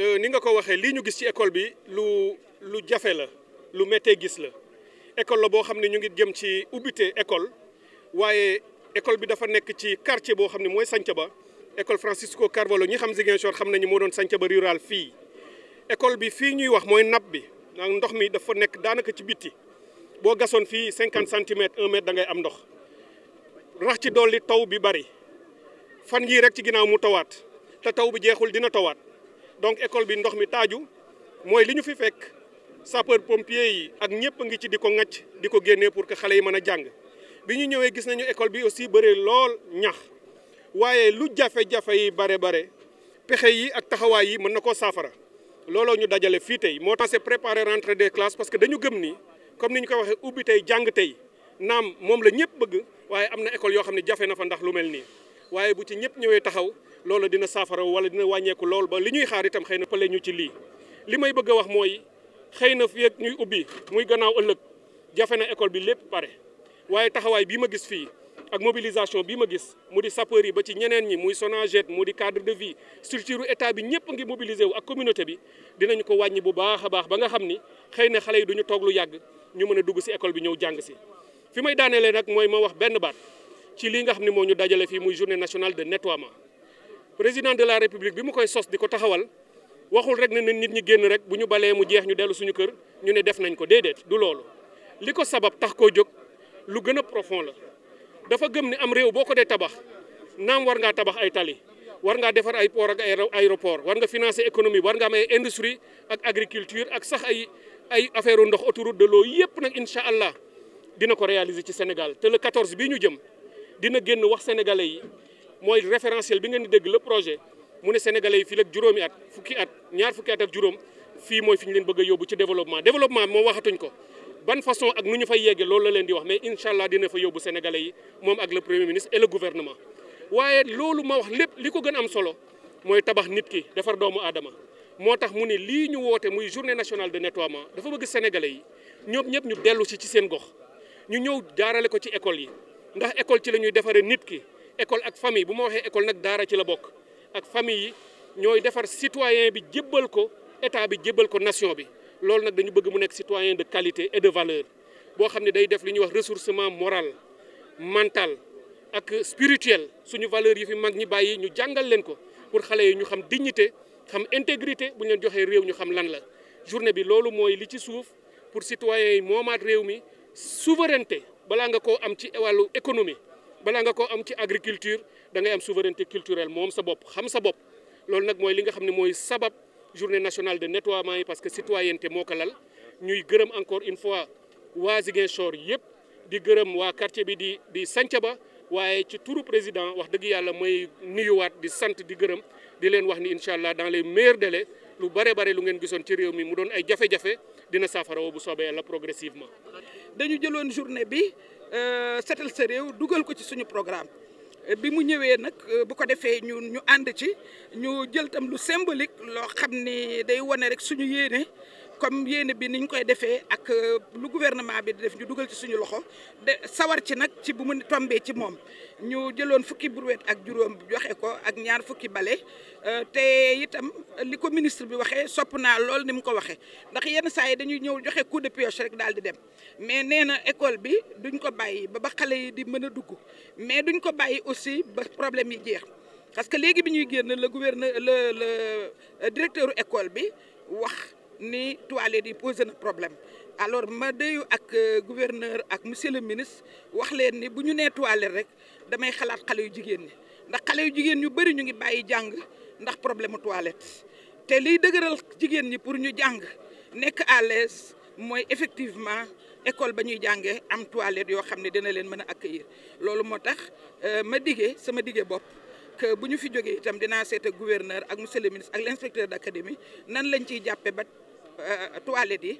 Euh, ni nga ko waxee lii ñu gis ci école bi lu lu jafe la lu mettee gis la école la boo xam ne ñu ngi jëm ci ubbite école waaye école bi dafa nekk ci quartier boo xam ne mooy Santhiaba école Francisco Carvalho ñi xam Ziguinchor xam nañu moo doon Santhiaba rural fii école bi fii ñuy wax mooy napp bi ndax ndox mi dafa nekk daanaka ci bitti boo gasoon fii cinquante centimètres un mètre dangay am ndox rax ci dolli taw bi bari fan yii rek ci ginnaaw mu tawaat te taw bi jeexul dina tawaat donc école bi ndox mi taaju mooy li ñu fi fekk sapeur pompier yi ak ñëpp a ngi ci di ko ŋacc di ko génnee pour que xale yi mën a jàng bi ñu ñëwee gis nañu école bi aussi bëree lool ñax waaye lu jafe-jafe yi bare bare pexe yi ak taxawaay yi mën na ko saafara looloo ñu dajale fii tey moo tax c'est préparer rentre des classes parce que dañu gëm ni comme ni ñu koy waxee ubbi tey jàng tey naam moom la ñëpp bëgg waaye am na école yoo xam ne jafe na fa ndax lu mel nii waaye bu ci ñëpp ñëwee taxaw loolu dina saafara wala dina wàññeeku lool ba li ñuy xaaritam itam na pële ñu ci lii li may bëgg a wax mooy xëy na fi ñuy ubbi muy gannaaw ëllëg jafe na école bi lépp pare waaye taxawaay bii ma gis fii ak mobilisation bii ma gis mu di sapeur yi ba ci ñeneen ñi muy SONAGED mu di cadre de vie structure état bi ñëpp ngi mobilisé wu ak communauté bi dinañu ko wàññi bu baax a baax ba nga xam ni xëy na xale yi duñu toog lu yàgg ñu mën a dugg si école bi ñëw jàng si fi may daanelee nag mooy ma wax benn baat ci lii nga xam ne ñu dajale fii muy journée nationale de nettoiement président de la république bi mu koy sos di ko taxawal waxul rek ne na nit ñi génn rek bu ñu balee mu jeex ñu dellu suñu kër ñu ne def nañ ko déedéet du loolu li ko sabab tax koo jóg lu gën a profond la dafa gëm ni am réew boo ko dee tabax naam war ngaa tabax ay tali war ngaa defar ay port ak aéroport war nga financer économie war nga am ay industrie ak agriculture ak sax ay ay affaire ndox autoroute de loo yëpp nag incha allah dina ko réaliser ci Sénégal te le 14 bii ñu jëm dina génn wax sénégalais yi mooy référentiel bi ngeen di dégg la projet mu ne sénégalais yi fii ak juróomi at fukki at ñaar fukki at ak juróom fii mooy fi ñu leen bëgg a yóbbu ci développement développement moo waxatuñ ko ban façon ak nu ñu fay yeggee loolu la leen di wax mais incha allah dina fa yóbbu sénégalais yi moom ak le premier ministre et le gouvernement. waaye loolu ma wax lépp li ko gën am solo mooy tabax nit ki defar doomu aadama moo tax mu ne lii ñu woote muy journée nationale de nettoiement dafa bëgg sénégalais yi ñoom ñëpp ñu dellu si ci seen gox ñu ñëw jaarale ko ci école yi ndax école ci la ñuy defaree nit ki. école ak famille bu ma école nak daara ci la bokk ak famille ñoy défar citoyen bi jébbal ko état bi jébbal ko nation bi lool nak dañu bëgg mu nekk citoyen de qualité et de valeur bo xamni ne day def li ñu wax ressourcement moral mental ak spirituel suñu valeur yi fi mag ñi bayyi ñu jàngal leen ko pour xalé yi ñu xam dignité xam intégrité bu ñu leen joxee réew ñu xam lan la journée bi loolu moy li ci souf pour citoyen yi momat réew mi souveraineté balaa nga am ci wàllu économie balaa nga koo am ci agriculture da ngay am souveraineté culturelle mom sa bop xam sa bop loolu nak moy li nga xamni moy sabab journée nationale de nettoyage parce que citoyenneté moko lal ñuy gëreum encore une fois waa chor yépp di gëreum wa quartier bi di di Santhiaba waaye ci touru président wax dëgg moy nuyu wat di sant di gëreum di leen wax ni inshallah dans les meilleurs délais lu bare bare lu ngeen gisoon ci réew mi mu doon ay jafé jafé dina saafara bu sobé la progressivement. dañu jëlone journée bi. Euh, setal sa réew dugal ko ci suñu programme euh, bi mu ñëwee nag euh, bu ko defee ñu ñu ànd ci ñu jël tam lu symbolique loo xam ni day wane rek suñu yéene comme yéene bi ñu koy defee ak euh, lu gouvernement bi di def ñu dugal ci suñu loxo de sawar ci nag ci bu mu tombee ci moom ñu jëloon fukki brouette ak juróom joxe ko ak ñaar fukki bale euh, te itam li ko ministre bi waxee sopp naa lool ni mu ko waxee ndax yenn saa yi dañuy ñëw joxe coup de pioche rek daal di dem mais nee na école bi duñ ko bàyyi ba ba xale yi di mën a dugg mais duñ ko bàyyi aussi ba problème yi jeex parce que léegi bi ñuy génn la gouverneur le le euh, directeur école bi wax. ni toilettes yi posé na problème alors ma déyu ak euh, gouverneur ak monsieur le ministre wax leen ni bu ñu nee toilette rek damay xalaat xale yu jigéen ñi ndax xale yu jigéen ñu bëri ñu ngi bàyyi jàng ndax problème mu toilette te liy dëgëral jigéen ñi pour ñu jàng nekk à l'aise mooy effectivement école ba ñuy am toilette yoo xam ne dina leen mën a accueillir loolu moo tax euh, ma diggee sama diggee bopp. que bu ñu fi jógee itam dinaa seet ak gouverneur ak monsieur le ministre ak l'inspecteur d'académie, d' académie nan lañ ciy jàppe ba euh, toilette yi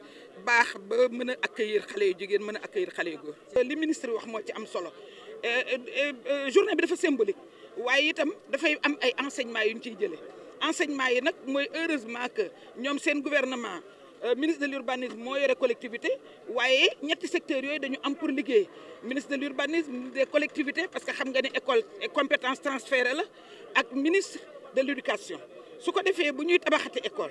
baax ba mën accueillir xale yu jigéen mën accueillir xale yu góor. li ministre wax mo ci am solo euh, euh, journée bi dafa symbolique waye itam dafay am ay enseignement yu ci jëlé jëlee enseignement yi nak moy heureusement que ñom seen gouvernement. ministre de l'urbanisme moo yore collectivité waye ñetti secteur yoy dañu am pour liggéey ministre de l'urbanisme des collectivités parce que xam nga ne école compétence transférée la ak ministre de l'éducation suko défé defee bu ñuy tabaxati école